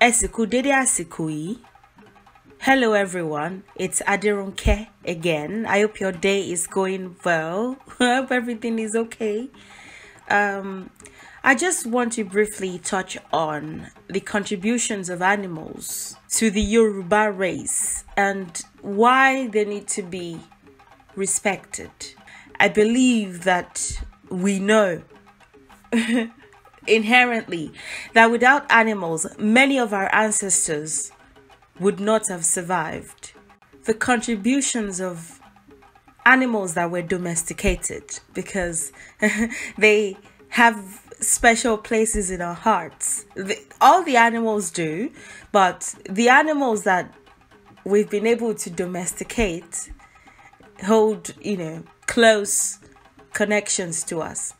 Esiku Dede Asikui. Hello everyone, it's Adirunke again. I hope your day is going well. I hope everything is okay. Um, I just want to briefly touch on the contributions of animals to the Yoruba race and why they need to be respected. I believe that we know inherently that without animals, many of our ancestors would not have survived. The contributions of animals that were domesticated because they have special places in our hearts. The, all the animals do, but the animals that we've been able to domesticate hold, you know, close connections to us.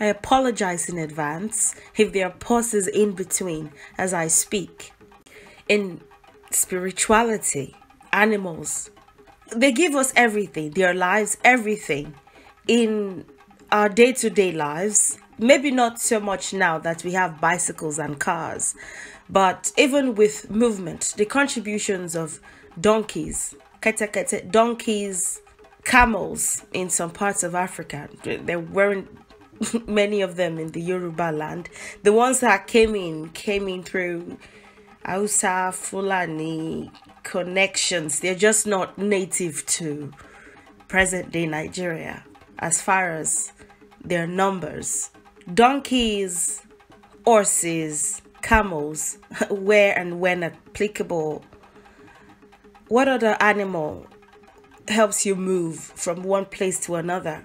I apologize in advance if there are pauses in between as I speak. In spirituality, animals, they give us everything, their lives, everything in our day to day lives. Maybe not so much now that we have bicycles and cars, but even with movement, the contributions of donkeys, kete kete, donkeys, camels in some parts of Africa, they weren't many of them in the Yoruba land. The ones that came in came in through Hausa, Fulani connections. They're just not native to present day Nigeria as far as their numbers. Donkeys, horses, camels, where and when applicable. What other animal helps you move from one place to another?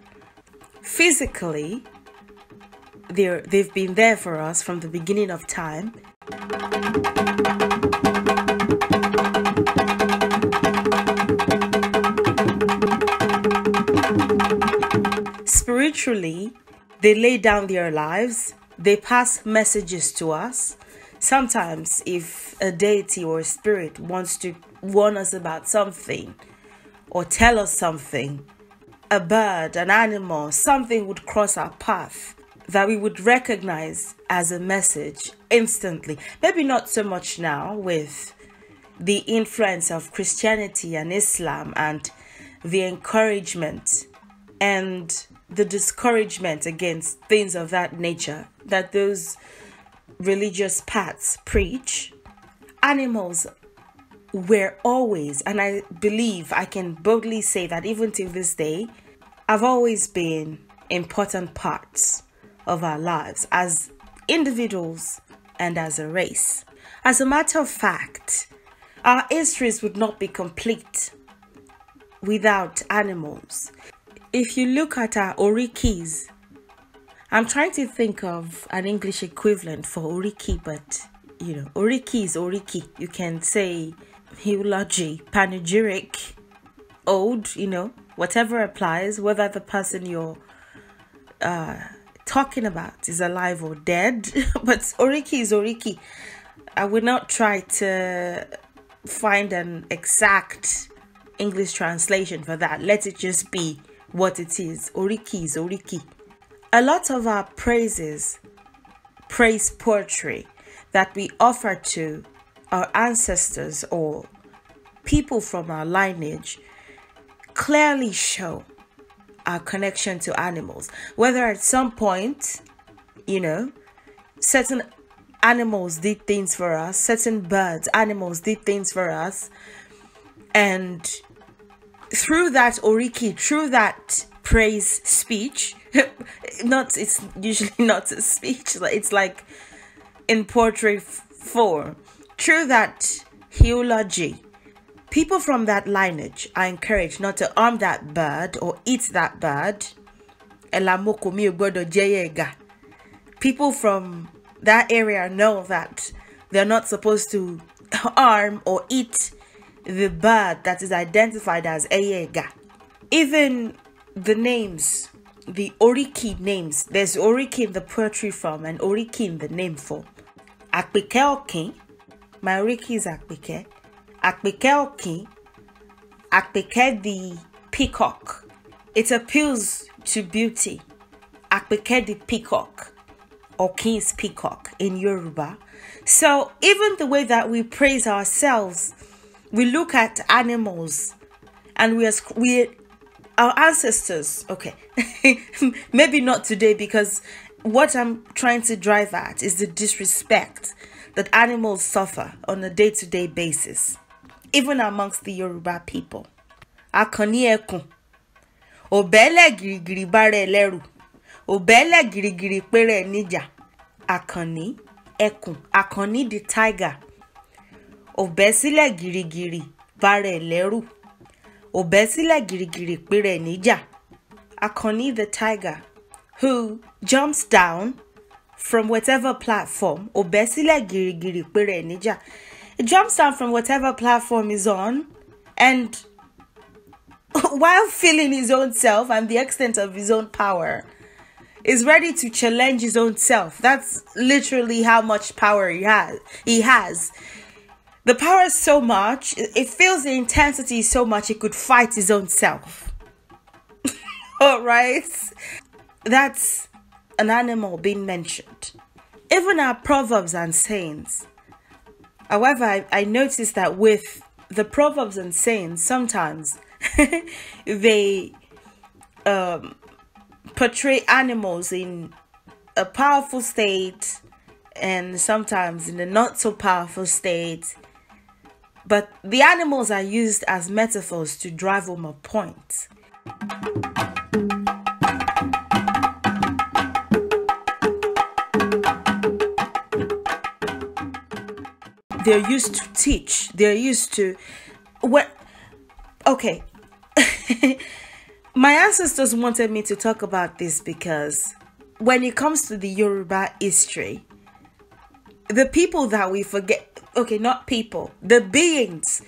Physically, they they've been there for us from the beginning of time. Spiritually, they lay down their lives, they pass messages to us. Sometimes, if a deity or a spirit wants to warn us about something or tell us something, a bird, an animal, something would cross our path that we would recognize as a message instantly. Maybe not so much now with the influence of Christianity and Islam and the encouragement and the discouragement against things of that nature that those religious paths preach. Animals were always, and I believe I can boldly say that even to this day, have always been important parts of our lives as individuals and as a race. As a matter of fact, our histories would not be complete without animals. If you look at our orikis, I'm trying to think of an English equivalent for oriki, but you know, oriki is oriki. You can say eulogy, panegyric, ode, you know, whatever applies, whether the person you're uh, talking about is alive or dead, but Oriki is Oriki. I will not try to find an exact English translation for that. Let it just be what it is. Oriki is Oriki. A lot of our praises, praise poetry that we offer to our ancestors or people from our lineage clearly show our connection to animals. Whether at some point, you know, certain animals did things for us, certain birds, animals did things for us. And through that oriki, through that praise speech, not it's usually not a speech, it's like in poetry form, through that theology People from that lineage are encouraged not to arm that bird or eat that bird. People from that area know that they're not supposed to arm or eat the bird that is identified as Eyega. Even the names, the Oriki names, there's Oriki in the poetry form and Oriki in the name form. Akpike Okin, my Oriki is Akpike. Akpeke Oki, Akpeke the peacock. It appeals to beauty. Akpeke the peacock or king's peacock in Yoruba. So even the way that we praise ourselves, we look at animals and we are, we our ancestors okay maybe not today because what i'm trying to drive at is the disrespect that animals suffer on a day to -day basis even amongst the Yoruba people. Akànní ẹkùn. Òbẹ́lẹ̀ gìrìgìrì bára ẹ̀ lẹ́rù. Òbẹ́lẹ̀ gìrìgìrì péré níjà. Akànní ẹkùn. Akànní the tiger. Obesile giri gìrìgìrì bare ẹ̀ lẹ́rù. Òbẹ́ sílẹ̀ gìrìgìrì péré níjà. Akànní the tiger who jumps down from whatever platform. Obesile giri gìrìgìrì péré níjà. It jumps down from whatever platform is on and while feeling his own self and the extent of his own power is ready to challenge his own self. That's literally how much power he has. He has. The power is so much, it feels the intensity so much he could fight his own self. All right. That's an animal being mentioned. Even our proverbs and sayings However, I, I noticed that with the proverbs and sayings, sometimes they um, portray animals in a powerful state and sometimes in a not so powerful state. But the animals are used as metaphors to drive home a point. They're used to teach. They're used to what? Okay. My ancestors wanted me to talk about this because when it comes to the Yoruba history, the people that we forget, okay, not people, the beings,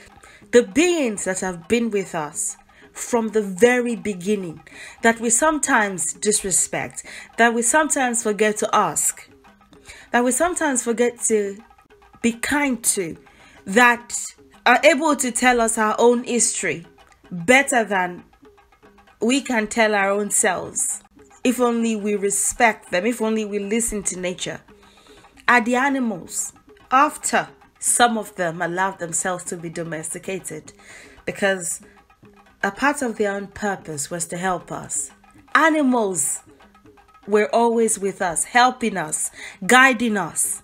the beings that have been with us from the very beginning, that we sometimes disrespect, that we sometimes forget to ask, that we sometimes forget to be kind to, that are able to tell us our own history better than we can tell our own selves. If only we respect them, if only we listen to nature. Are the animals, after some of them allowed themselves to be domesticated, because a part of their own purpose was to help us. Animals were always with us, helping us, guiding us.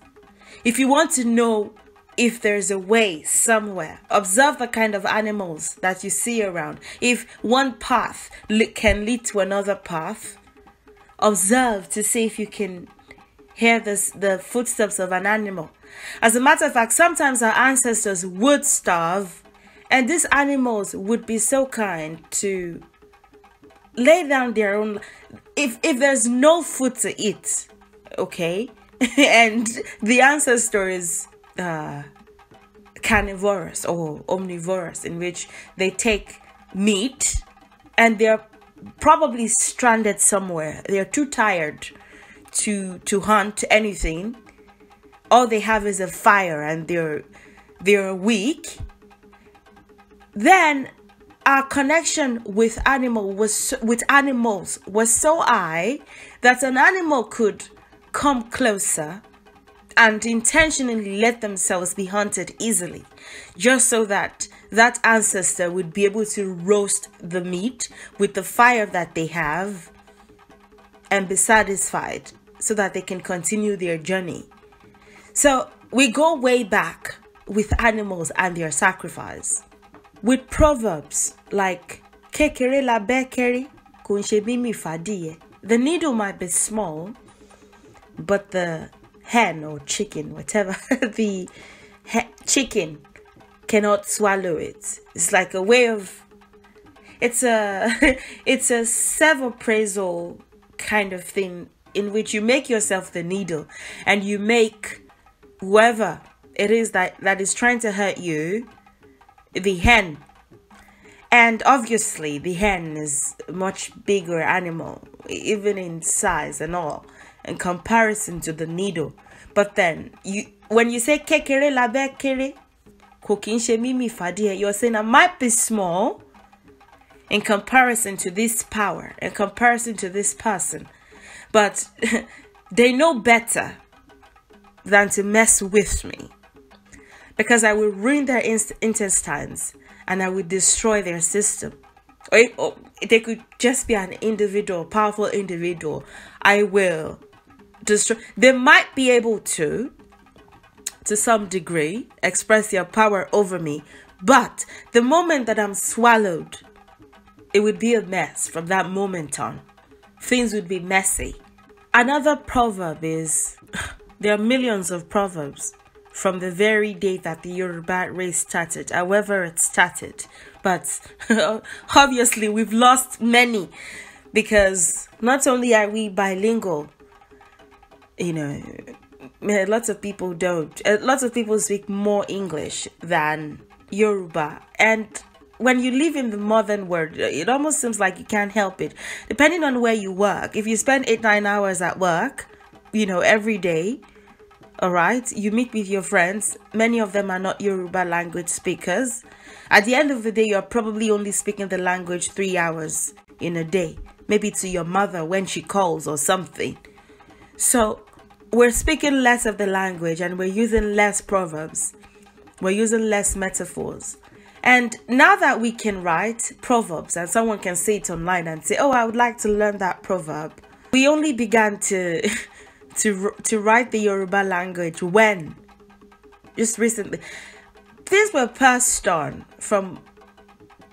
If you want to know if there's a way somewhere, observe the kind of animals that you see around. If one path can lead to another path, observe to see if you can hear this, the footsteps of an animal. As a matter of fact, sometimes our ancestors would starve, and these animals would be so kind to lay down their own. If if there's no food to eat, okay, and the ancestor is uh, carnivorous or omnivorous, in which they take meat and they're probably stranded somewhere. They're too tired to to hunt anything. All they have is a fire and they're they're weak. Then our connection with animal was with animals was so high that an animal could come closer and intentionally let themselves be hunted easily, just so that that ancestor would be able to roast the meat with the fire that they have and be satisfied so that they can continue their journey. So we go way back with animals and their sacrifice. With proverbs like Kekere la bekeri, kunshebimi fadiye. The needle might be small, but the hen or chicken, whatever, the chicken cannot swallow it. It's like a way of it's a it's a self-appraisal kind of thing in which you make yourself the needle and you make whoever it is that that is trying to hurt you the hen and obviously the hen is a much bigger animal even in size and all in comparison to the needle. But then you when you say kekere la lábẹ́ cooking ṣe mímì fàdíẹ̀, you're saying I might be small in comparison to this power, in comparison to this person. But they know better than to mess with me. Because I will ruin their intestines and I will destroy their system. Or, or they could just be an individual, powerful individual. I will destroy. They might be able to, to some degree, express their power over me, but the moment that I'm swallowed, it would be a mess from that moment on. Things would be messy. Another proverb is there are millions of proverbs from the very day that the Yoruba race started, however it started. But obviously, we've lost many because not only are we bilingual, you know, eh, lots of people don't. Eh, lots of people speak more English than Yoruba. And when you live in the modern world, eh, it almost seems like you can't help it. Depending on where you work, if you spend eight, nine hours at work, you know, every day, all right, you meet with your friends. Many of them are not Yoruba language speakers. At the end of the day, you're probably only speaking the language three hours in a day, maybe to your mother when she calls or something. So we're speaking less of the language and we're using less proverbs. We're using less metaphors. And now that we can write proverbs and someone can say it online and say, "Oh, I would like to learn that proverb." We only began to to to write the Yoruba language when just recently. These were passed on from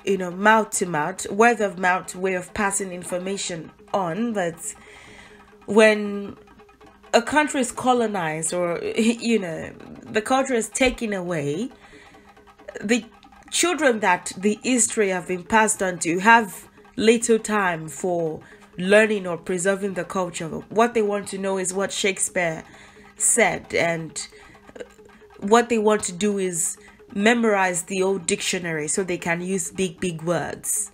you know mouth to mouth, word of mouth way of passing information on, but when a country is colonized or you know the culture is taken away the children that the history have been passed on to have little time for learning or preserving the culture what they want to know is what shakespeare said and what they want to do is memorize the old dictionary so they can use big big words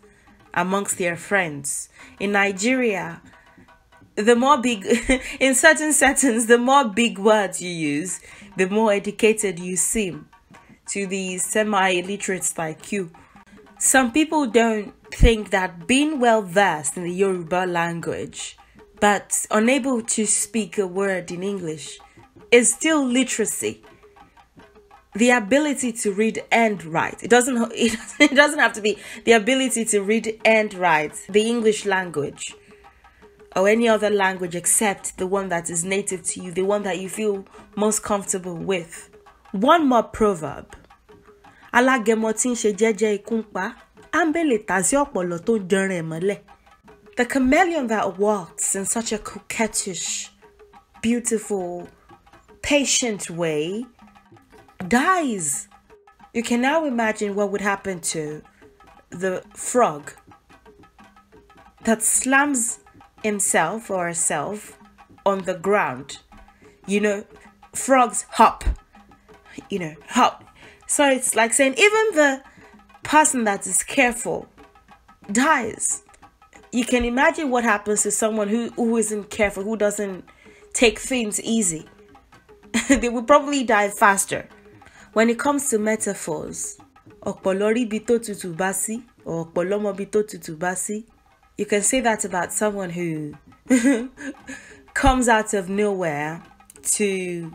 amongst their friends in nigeria the more big in certain settings the more big words you use the more educated you seem to the semi literate like you some people don't think that being well versed in the yoruba language but unable to speak a word in english is still literacy the ability to read and write it doesn't it doesn't have to be the ability to read and write the english language or any other language except the one that is native to you, the one that you feel most comfortable with. One more proverb. The chameleon that walks in such a coquettish, beautiful, patient way dies. You can now imagine what would happen to the frog that slams himself or herself on the ground. You know, frogs hop, you know, hop. So it's like saying even the person that is careful dies. You can imagine what happens to someone who, who isn't careful, who doesn't take things easy. they will probably die faster. When it comes to metaphors, or bí tó tutù bá sí, you can say that about someone who comes out of nowhere to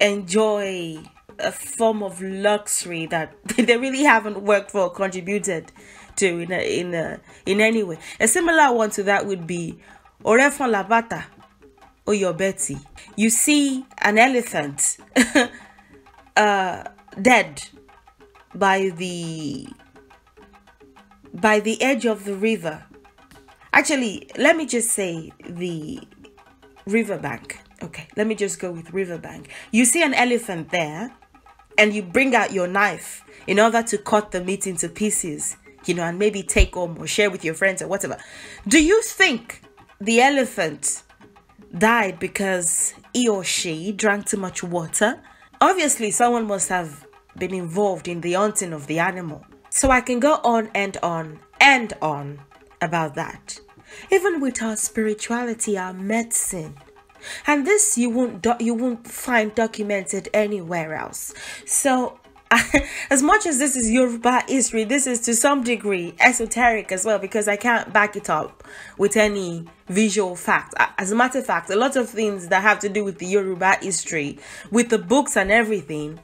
enjoy a form of luxury that they really haven't worked for contributed to in a, in a, in any way. A similar one to that would be Orefon Labata or your Betty. You see an elephant uh, dead by the by the edge of the river Actually, let me just say the riverbank. Okay, let me just go with riverbank. You see an elephant there, and you bring out your knife in order to cut the meat into pieces, you know, and maybe take home or share with your friends or whatever. Do you think the elephant died because he or she drank too much water? Obviously, someone must have been involved in the hunting of the animal. So I can go on and on and on about that. Even with our spirituality, our medicine. And this you won't do- you won't find documented anywhere else. So as much as this is Yoruba history, this is to some degree esoteric as well because I can't back it up with any visual fact. As a matter of fact, a lot of things that have to do with the Yoruba history, with the books and everything,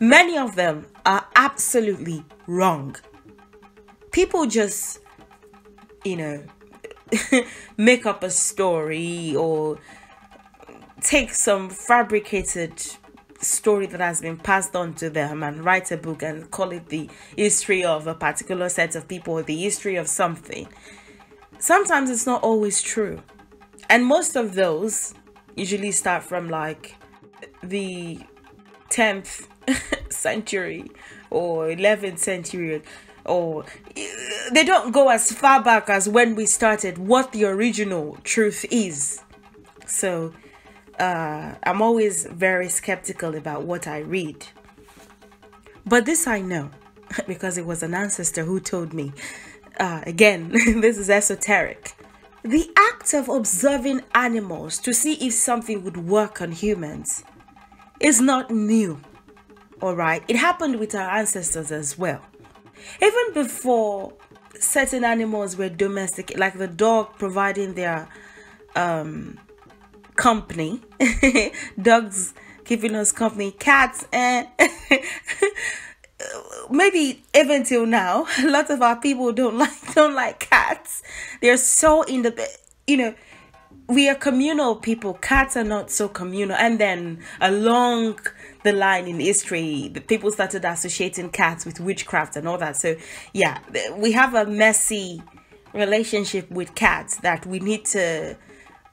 many of them are absolutely wrong. People just you know, make up a story or take some fabricated story that has been passed on to them and write a book and call it the history of a particular set of people or the history of something. Sometimes it's not always true. And most of those usually start from like the 10th century or 11th century or oh, they don't go as far back as when we started what the original truth is so uh, i'm always very skeptical about what i read but this i know because it was an ancestor who told me uh, again this is esoteric the act of observing animals to see if something would work on humans is not new all right it happened with our ancestors as well even before certain animals were domestic, like the dog providing their um, company, dogs keeping us company, cats, eh, and maybe even till now, lots of our people don't like don't like cats. They're so in the you know we are communal people. Cats are not so communal. And then along the line in history. The people started associating cats with witchcraft and all that. So, yeah, we have a messy relationship with cats that we need to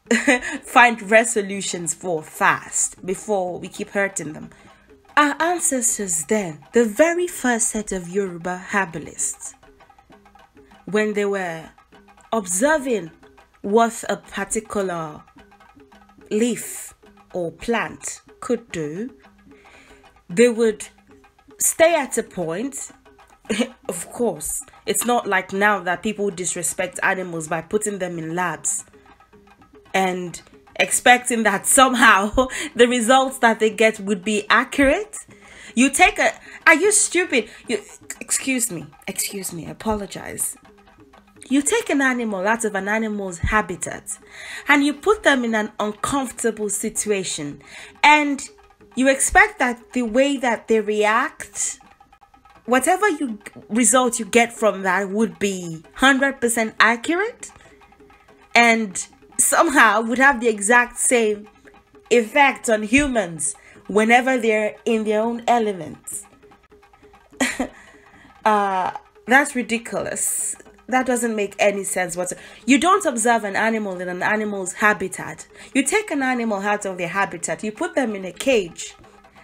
find resolutions for fast before we keep hurting them. Our ancestors, then, the very first set of Yoruba herbalists, when they were observing what a particular leaf or plant could do, they would stay at a point of course it's not like now that people disrespect animals by putting them in labs and expecting that somehow the results that they get would be accurate you take a are you stupid you excuse me excuse me apologize you take an animal out of an animal's habitat and you put them in an uncomfortable situation and you expect that the way that they react, whatever you result you get from that would be 100% accurate and somehow would have the exact same effect on humans whenever they're in their own elements. uh, that's ridiculous. That doesn't make any sense whatsoever. You don't observe an animal in an animal's habitat. You take an animal out of their habitat, you put them in a cage,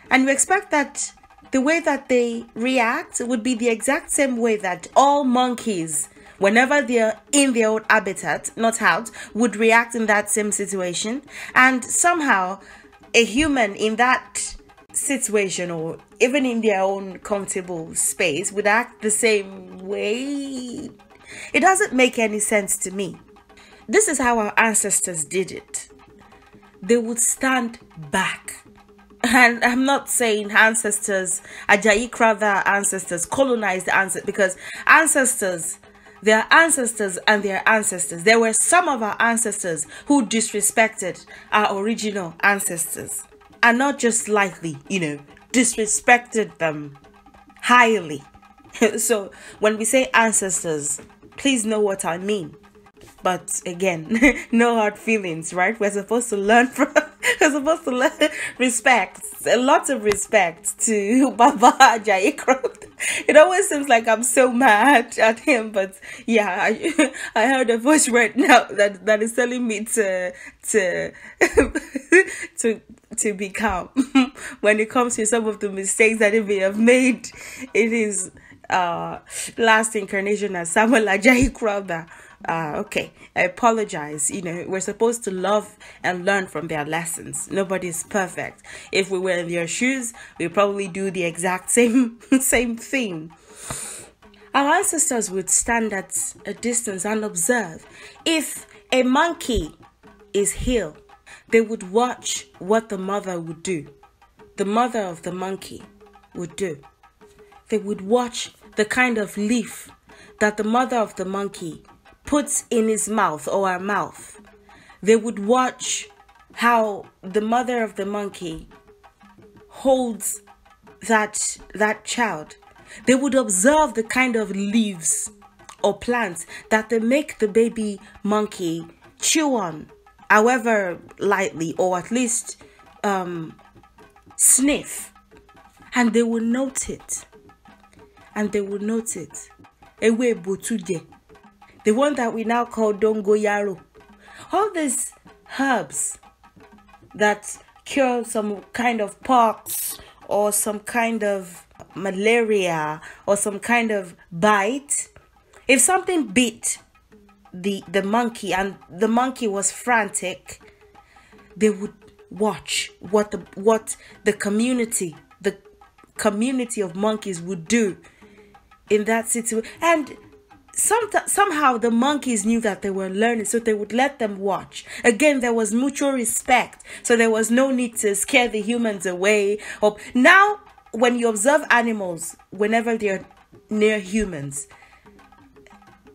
and you expect that the way that they react would be the exact same way that all monkeys, whenever they're in their own habitat, not out, would react in that same situation. And somehow, a human in that situation or even in their own comfortable space would act the same way it doesn't make any sense to me. This is how our ancestors did it. They would stand back. And I'm not saying ancestors, Ajayi Krather ancestors colonized the ancestors, because ancestors, their ancestors and their ancestors. There were some of our ancestors who disrespected our original ancestors. And not just lightly, you know, disrespected them highly. so when we say ancestors, please know what I mean. But again, no hard feelings, right? We're supposed to learn from, we're supposed to learn respect, a lot of respect to Baba Ajayi Croft. It always seems like I'm so mad at him, but yeah, I, I heard a voice right now that, that is telling me to, to, to, to be calm when it comes to some of the mistakes that he may have made. It is uh, last incarnation as Samuel Ajayi Crowther. Uh, okay, I apologize. You know, we're supposed to love and learn from their lessons. Nobody's perfect. If we were in their shoes, we probably do the exact same same thing. Our ancestors would stand at a distance and observe. If a monkey is healed, they would watch what the mother would do. The mother of the monkey would do they would watch the kind of leaf that the mother of the monkey puts in his mouth or her mouth. They would watch how the mother of the monkey holds that that child. They would observe the kind of leaves or plants that they make the baby monkey chew on, however lightly or at least um, sniff, and they would note it and they will note it. Ewe botuje, the one that we now call dongoyaro. All these herbs that cure some kind of pox or some kind of malaria or some kind of bite. If something bit the, the monkey and the monkey was frantic, they would watch what the what the community the community of monkeys would do in that situation. And some, somehow the monkeys knew that they were learning, so they would let them watch. Again, there was mutual respect, so there was no need to scare the humans away. Or now, when you observe animals, whenever they're near humans,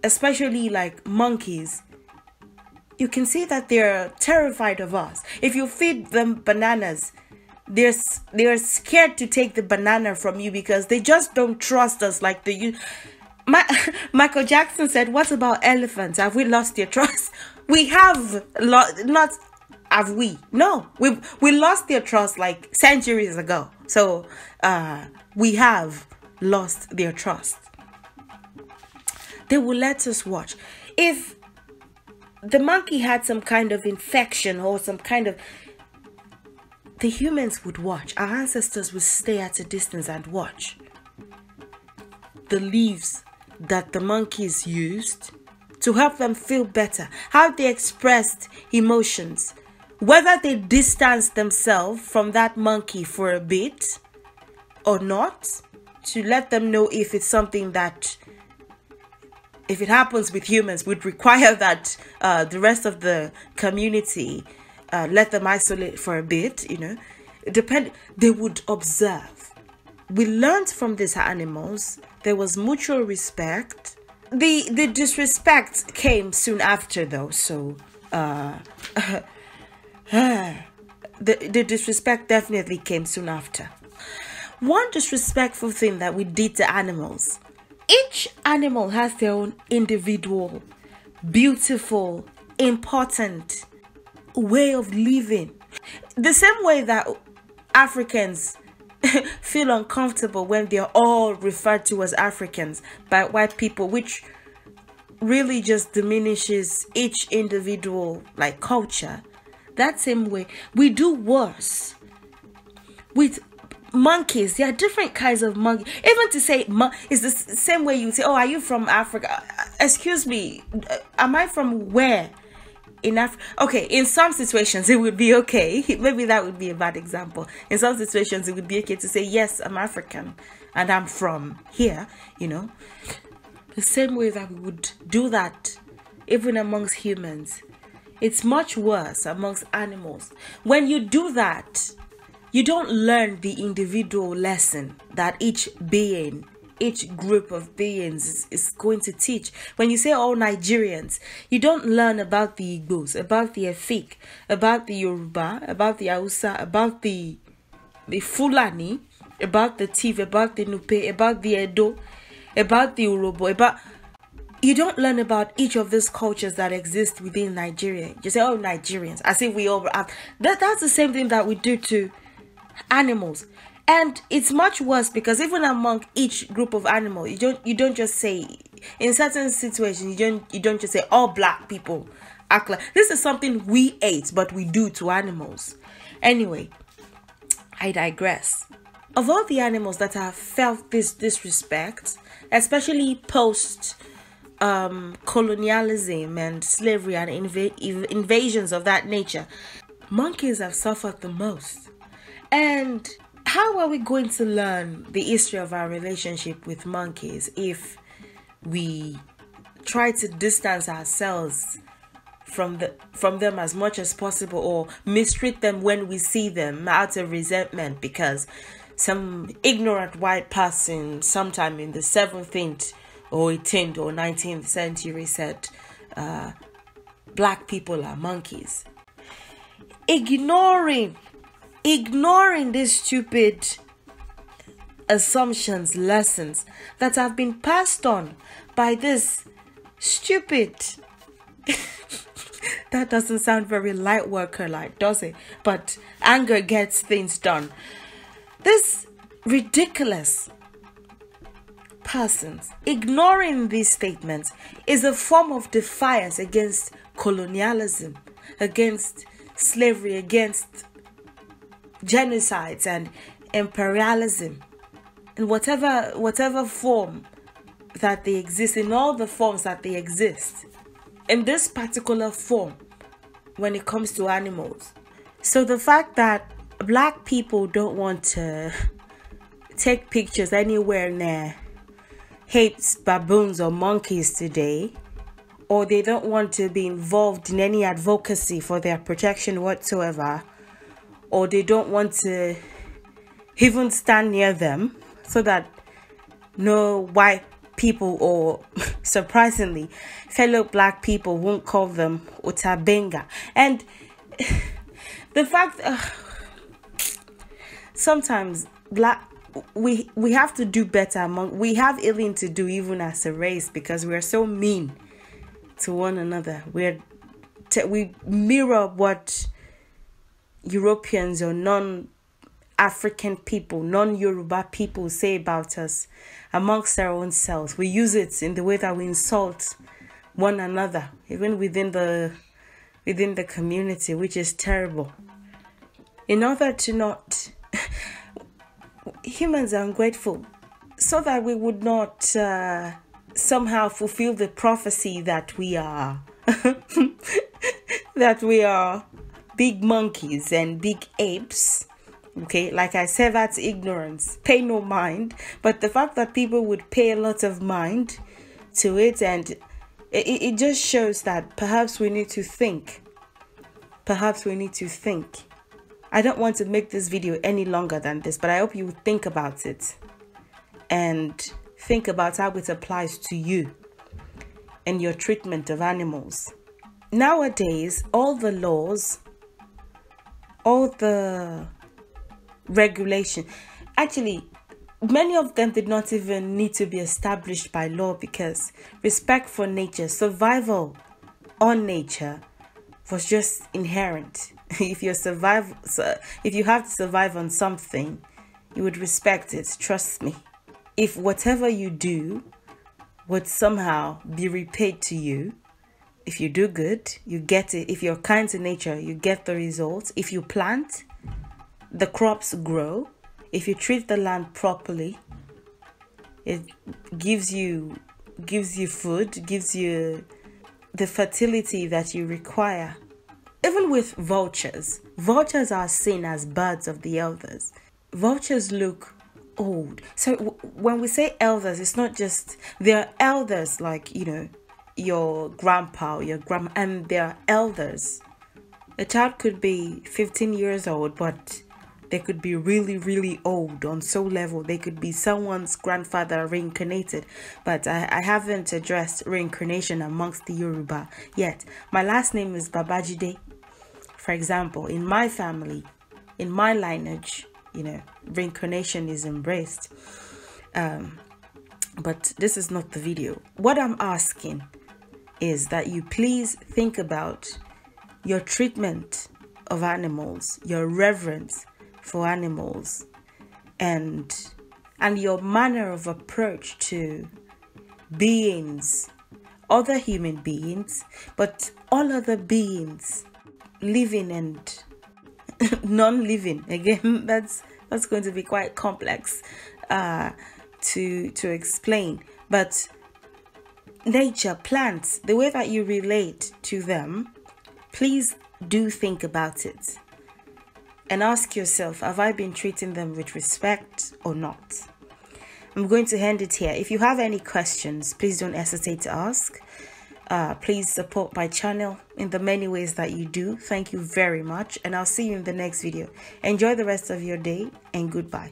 especially like monkeys, you can see that they're terrified of us. If you feed them bananas, they're they're scared to take the banana from you because they just don't trust us like the you my, Michael Jackson said, "What about elephants? Have we lost their trust? We have lo- not have we? No, we we lost their trust like centuries ago. So uh, we have lost their trust. They will let us watch. If the monkey had some kind of infection or some kind of the humans would watch. Our ancestors would stay at a distance and watch. The leaves that the monkeys used to help them feel better, how they expressed emotions, whether they distanced themselves from that monkey for a bit or not, to let them know if it's something that, if it happens with humans, would require that uh, the rest of the community uh, let them isolate for a bit, you know, depend, they would observe. We learned from these animals, there was mutual respect. The, the disrespect came soon after though, so uh, the, the disrespect definitely came soon after. One disrespectful thing that we did to animals each animal has their own individual, beautiful, important way of living. The same way that Africans feel uncomfortable when they're all referred to as Africans by white people, which really just diminishes each individual like culture. That same way, we do worse with monkeys. There are different kinds of monkeys. Even to say mon- is the same way you say, "Oh, are you from Africa?" Uh, excuse me, uh, am I from where? in okay, in some situations it would be okay. Maybe that would be a bad example. In some situations it would be okay to say, yes, I'm African and I'm from here, you know. The same way that we would do that even amongst humans. It's much worse amongst animals. When you do that, you don't learn the individual lesson that each being each group of beings is, is going to teach. When you say all Nigerians, you don't learn about the Igbos, about the Efik, about the Yoruba, about the Hausa, about the, the Fulani, about the Tiv, about the Nupe, about the Edo, about the Urobo, about you don't learn about each of these cultures that exist within Nigeria. You say, "Oh, Nigerians," as if we all have. That that's the same thing that we do to animals and it's much worse because even among each group of animal you don't you don't just say in certain situations you don't you don't just say all black people act like this is something we ate, but we do to animals anyway i digress of all the animals that have felt this disrespect especially post um, colonialism and slavery and inv invasions of that nature monkeys have suffered the most and how are we going to learn the history of our relationship with monkeys if we try to distance ourselves from the from them as much as possible or mistreat them when we see them out of resentment because some ignorant white person sometime in the 17th or 18th or 19th century said uh, black people are monkeys ignoring ignoring these stupid assumptions, lessons that have been passed on by this stupid. that doesn't sound very light worker like, does it? But anger gets things done. This ridiculous persons ignoring these statements is a form of defiance against colonialism, against slavery, against genocides and imperialism in whatever whatever form that they exist in all the forms that they exist in this particular form when it comes to animals so the fact that black people don't want to take pictures anywhere near hates baboons or monkeys today or they don't want to be involved in any advocacy for their protection whatsoever or they don't want to even stand near them so that no white people or surprisingly fellow black people won't call them utabenga and the fact uh, sometimes black we we have to do better among we have alien to do even as a race because we are so mean to one another we're we mirror what Europeans or non African people, non Yoruba people say about us amongst our own selves. We use it in the way that we insult one another, even within the within the community, which is terrible. In order to not humans are ungrateful, so that we would not uh, somehow fulfill the prophecy that we are that we are big monkeys and big apes. Okay, like I said, that's ignorance. Pay no mind. But the fact that people would pay a lot of mind to it, and it, it just shows that perhaps we need to think. Perhaps we need to think. I don't want to make this video any longer than this, but I hope you think about it and think about how it applies to you and your treatment of animals. Nowadays, all the laws all the regulation. Actually, many of them did not even need to be established by law because respect for nature, survival on nature was just inherent. if you survive if you have to survive on something, you would respect it, trust me. If whatever you do would somehow be repaid to you, if you do good, you get it. If you're kind to nature, you get the results. If you plant, the crops grow. If you treat the land properly, it gives you gives you food, gives you the fertility that you require. Even with vultures, vultures are seen as birds of the elders. Vultures look old. So when we say elders, it's not just they're elders like, you know, your grandpa, your grandma, and their elders. A child could be 15 years old, but they could be really, really old on soul level. They could be someone's grandfather reincarnated. But I, I haven't addressed reincarnation amongst the Yoruba yet. My last name is Babajide. For example, in my family, in my lineage, you know, reincarnation is embraced. Um, but this is not the video. What I'm asking is that you please think about your treatment of animals, your reverence for animals, and and your manner of approach to beings, other human beings, but all other beings, living and non-living. Again, that's that's going to be quite complex uh, to to explain, but nature, plants, the way that you relate to them, please do think about it and ask yourself have I been treating them with respect or not? I'm going to end it here. If you have any questions, please don't hesitate to ask. Uh, please support my channel in the many ways that you do. Thank you very much, and I'll see you in the next video. Enjoy the rest of your day, and goodbye.